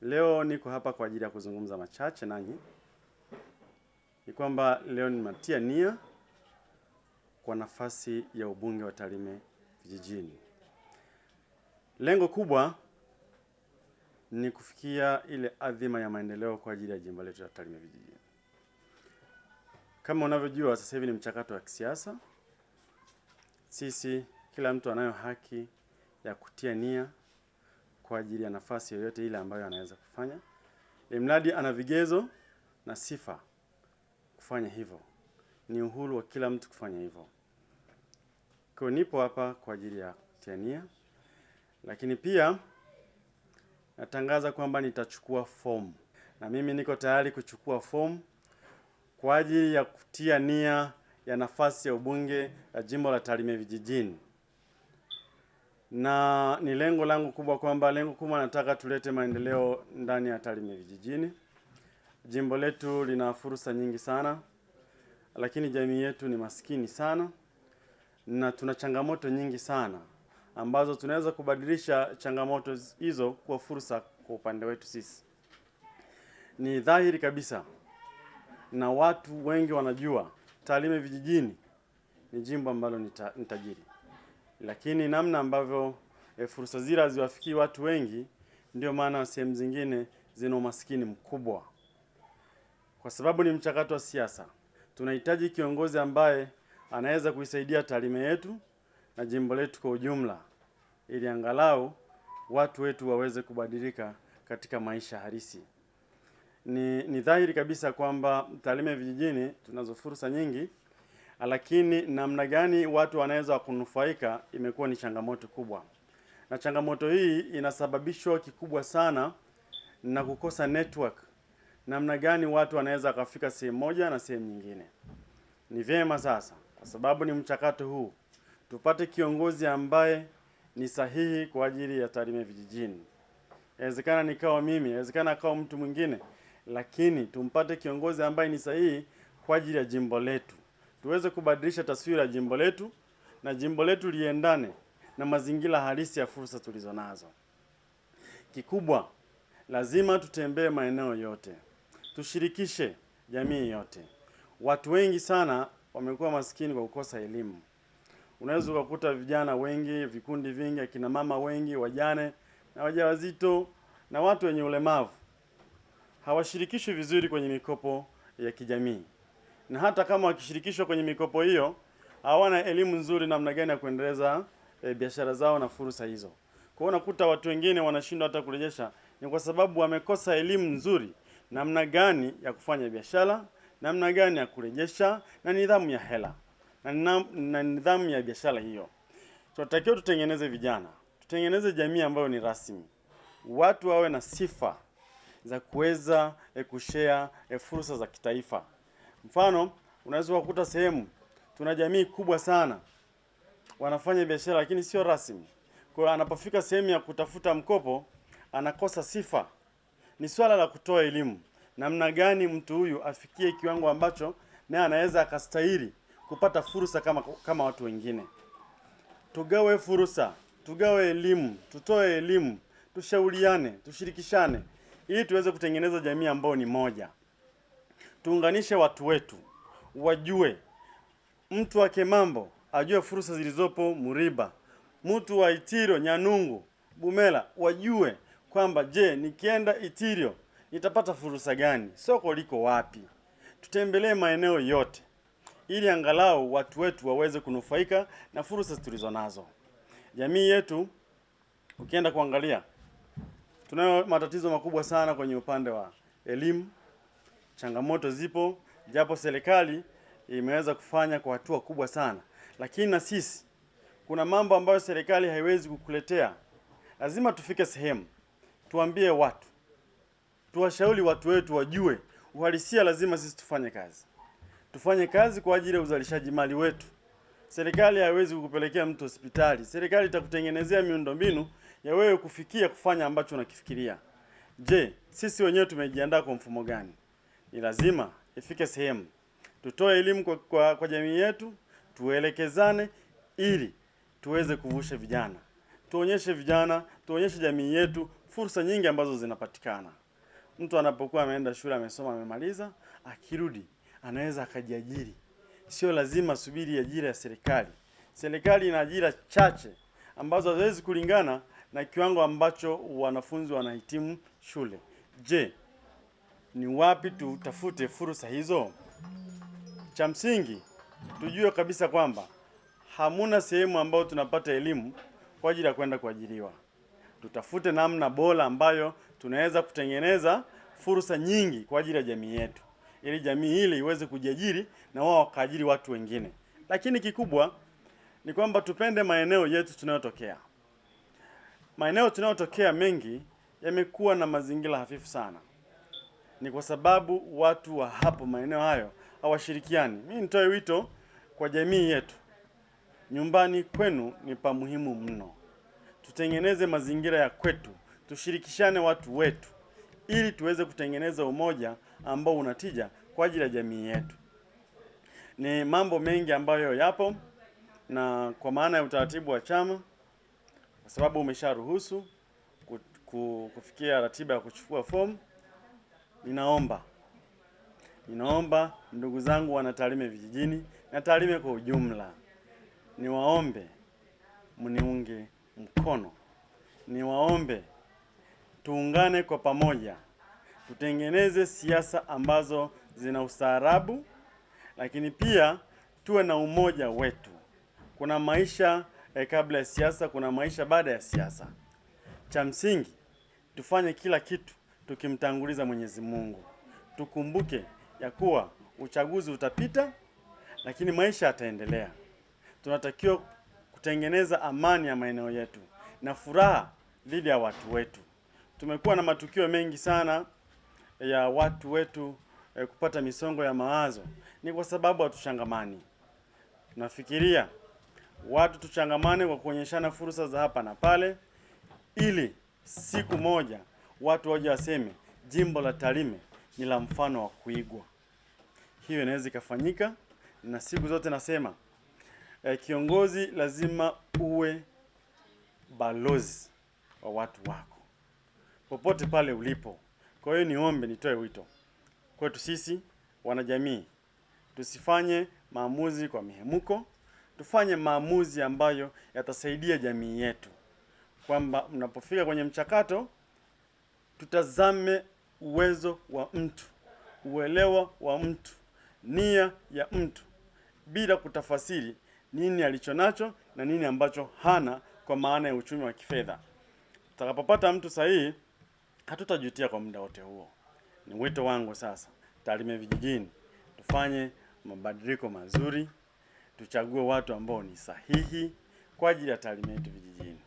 Leo niko hapa kwa ajili ya kuzungumza machache nanyi. Ni kwamba leo nimatia nia kwa nafasi ya ubunge wa Tarime vijijini. Lengo kubwa ni kufikia ile adhima ya maendeleo kwa ajili ya jimbo letu la Tarime vijijini. Kama unavyojua sasa hivi ni mchakato wa kisiasa. Sisi kila mtu anayo haki ya kutia nia kwa ajili ya nafasi yoyote ile ambayo anaweza kufanya, mradi ana vigezo na sifa kufanya hivyo. Ni uhuru wa kila mtu kufanya hivyo. Kwa nipo hapa kwa ajili ya kutia nia, lakini pia natangaza kwamba nitachukua fomu na mimi niko tayari kuchukua fomu kwa ajili ya kutia nia ya nafasi ya ubunge ya jimbo la Tarime vijijini na ni lengo langu kubwa kwamba lengo kubwa nataka tulete maendeleo ndani ya Tarime vijijini. Jimbo letu lina fursa nyingi sana, lakini jamii yetu ni maskini sana na tuna changamoto nyingi sana ambazo tunaweza kubadilisha changamoto hizo kuwa fursa kwa upande wetu sisi. Ni dhahiri kabisa na watu wengi wanajua Tarime vijijini ni jimbo ambalo ni tajiri lakini namna ambavyo e, fursa zile haziwafikii watu wengi, ndio maana sehemu zingine zina umaskini mkubwa, kwa sababu ni mchakato wa siasa. Tunahitaji kiongozi ambaye anaweza kuisaidia Tarime yetu na jimbo letu kwa ujumla, ili angalau watu wetu waweze kubadilika katika maisha halisi. Ni, ni dhahiri kabisa kwamba Tarime vijijini tunazo fursa nyingi lakini namna gani watu wanaweza kunufaika imekuwa ni changamoto kubwa, na changamoto hii inasababishwa kikubwa sana na kukosa network. Namna gani watu wanaweza kufika sehemu moja na sehemu nyingine? Ni vyema sasa, kwa sababu ni mchakato huu, tupate kiongozi ambaye ni sahihi kwa ajili ya Tarime Vijijini. Inawezekana nikawa mimi, inawezekana akawa mtu mwingine, lakini tumpate kiongozi ambaye ni sahihi kwa ajili ya jimbo letu tuweze kubadilisha taswira ya jimbo letu na jimbo letu liendane na mazingira halisi ya fursa tulizo nazo. Kikubwa, lazima tutembee maeneo yote, tushirikishe jamii yote. Watu wengi sana wamekuwa maskini kwa kukosa elimu. Unaweza ukakuta vijana wengi, vikundi vingi, akina mama wengi, wajane na wajawazito na watu wenye ulemavu hawashirikishwi vizuri kwenye mikopo ya kijamii na hata kama wakishirikishwa kwenye mikopo hiyo hawana elimu nzuri namna gani ya kuendeleza e, biashara zao na fursa hizo. Kwa hiyo unakuta watu wengine wanashindwa hata kurejesha, ni kwa sababu wamekosa elimu nzuri namna gani ya kufanya biashara, namna gani ya kurejesha na nidhamu ya hela na, na nidhamu ya biashara hiyo. Tunatakiwa tutengeneze vijana, tutengeneze jamii ambayo ni rasmi, watu wawe na sifa za kuweza e, kushare e, fursa za kitaifa. Mfano, unaweza kukuta sehemu tuna jamii kubwa sana wanafanya biashara lakini sio rasmi. Kwa hiyo anapofika sehemu ya kutafuta mkopo anakosa sifa. Ni swala la kutoa elimu namna gani mtu huyu afikie kiwango ambacho naye anaweza akastahili kupata fursa kama kama watu wengine. Tugawe fursa, tugawe elimu, tutoe elimu, tushauriane, tushirikishane ili tuweze kutengeneza jamii ambayo ni moja tuunganishe watu wetu wajue, mtu wa Kemambo ajue fursa zilizopo Muriba, mtu wa Itirio, Nyanungu, Bumela wajue kwamba je, nikienda Itirio nitapata fursa gani? Soko liko wapi? Tutembelee maeneo yote ili angalau watu wetu waweze kunufaika na fursa tulizo nazo. Jamii yetu ukienda kuangalia, tunayo matatizo makubwa sana kwenye upande wa elimu changamoto zipo, japo serikali imeweza kufanya kwa hatua kubwa sana, lakini na sisi kuna mambo ambayo serikali haiwezi kukuletea. Lazima tufike sehemu tuambie watu, tuwashauri watu wetu wajue uhalisia. Lazima sisi tufanye kazi, tufanye kazi kwa ajili ya uzalishaji mali wetu. Serikali haiwezi kukupelekea mtu hospitali. Serikali itakutengenezea miundombinu ya wewe kufikia kufanya ambacho unakifikiria. Je, sisi wenyewe tumejiandaa kwa mfumo gani? ni lazima ifike sehemu tutoe elimu kwa, kwa, kwa jamii yetu, tuelekezane ili tuweze kuvusha vijana, tuonyeshe vijana, tuonyeshe jamii yetu fursa nyingi ambazo zinapatikana. Mtu anapokuwa ameenda shule, amesoma, amemaliza, akirudi anaweza akajiajiri. Sio lazima subiri ajira ya serikali. Serikali ina ajira chache ambazo haziwezi kulingana na kiwango ambacho wanafunzi wanahitimu shule. Je, ni wapi tutafute fursa hizo? Cha msingi tujue kabisa kwamba hamuna sehemu ambayo tunapata elimu kwa ajili ya kwenda kuajiriwa. Tutafute namna bora ambayo tunaweza kutengeneza fursa nyingi kwa ajili ya jamii yetu, ili jamii hili iweze kujiajiri na wao wakaajiri watu wengine. Lakini kikubwa ni kwamba tupende maeneo yetu tunayotokea. Maeneo tunayotokea mengi yamekuwa na mazingira hafifu sana ni kwa sababu watu wa hapo maeneo hayo hawashirikiani. Mimi nitoe wito kwa jamii yetu, nyumbani kwenu ni pa muhimu mno. Tutengeneze mazingira ya kwetu, tushirikishane watu wetu, ili tuweze kutengeneza umoja ambao unatija kwa ajili ya jamii yetu. Ni mambo mengi ambayo yapo na kwa maana ya utaratibu wa chama, kwa sababu umesharuhusu kufikia ratiba ya kuchukua fomu ninaomba ninaomba ndugu zangu wanaTALIME vijijini na TALIME kwa ujumla, niwaombe mniunge mkono, niwaombe tuungane kwa pamoja, tutengeneze siasa ambazo zina ustaarabu, lakini pia tuwe na umoja wetu. Kuna maisha eh, kabla ya siasa, kuna maisha baada ya siasa. Cha msingi tufanye kila kitu tukimtanguliza Mwenyezi Mungu. Tukumbuke ya kuwa uchaguzi utapita, lakini maisha yataendelea. Tunatakiwa kutengeneza amani ya maeneo yetu na furaha dhidi ya watu wetu. Tumekuwa na matukio mengi sana ya watu wetu eh, kupata misongo ya mawazo, ni kwa sababu hatushangamani. nafikiria watu tuchangamane kwa kuonyeshana fursa za hapa na pale, ili siku moja watu waje waseme jimbo la Tarime ni la mfano wa kuigwa. Hiyo inaweza ikafanyika, na siku zote nasema eh, kiongozi lazima uwe balozi wa watu wako popote pale ulipo. Kwa hiyo niombe, nitoe wito kwetu sisi wanajamii, tusifanye maamuzi kwa mihemuko, tufanye maamuzi ambayo yatasaidia jamii yetu, kwamba mnapofika kwenye mchakato tutazame uwezo wa mtu, uelewa wa mtu, nia ya mtu, bila kutafasiri nini alichonacho na nini ambacho hana, kwa maana ya uchumi wa kifedha. Tutakapopata mtu sahihi, hatutajutia kwa muda wote huo. Ni wito wangu sasa, Tarime Vijijini, tufanye mabadiliko mazuri, tuchague watu ambao ni sahihi kwa ajili ya Tarime yetu vijijini.